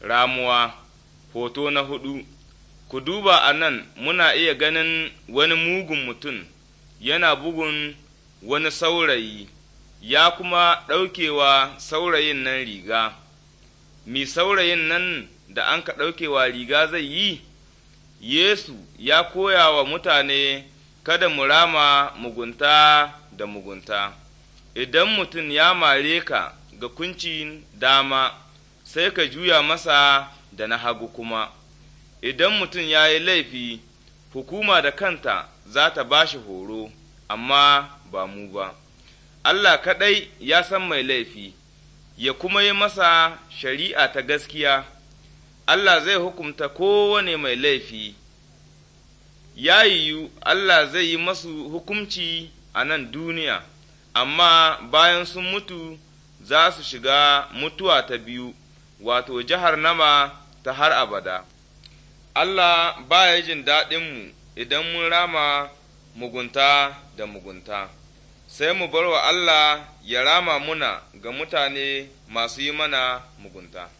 ramuwa hoto na hudu ku duba a nan muna iya ganin wani mugun mutum yana bugun wani saurayi ya kuma ɗaukewa saurayin nan riga mi saurayin nan da an ka ɗaukewa riga zai yi yesu ya koya wa mutane kada mu rama mugunta da mugunta idan mutum ya mare ka ga kuncin dama sai ka juya masa da na hagu kuma idan mutum ya yi laifi hukuma da kanta za ta ba shi horo amma ba mu ba Allah kaɗai ya san mai laifi ya kuma yi masa shari'a ta gaskiya Allah zai hukumta kowane mai laifi ya yiwu Allah zai yi masu hukumci a nan duniya amma bayan sun mutu za su shiga mutuwa ta biyu wato jihar nama ta har abada Allah baya jin daɗinmu idan mun rama mugunta da mugunta sai mu bar wa Allah ya rama muna ga mutane masu yi mana mugunta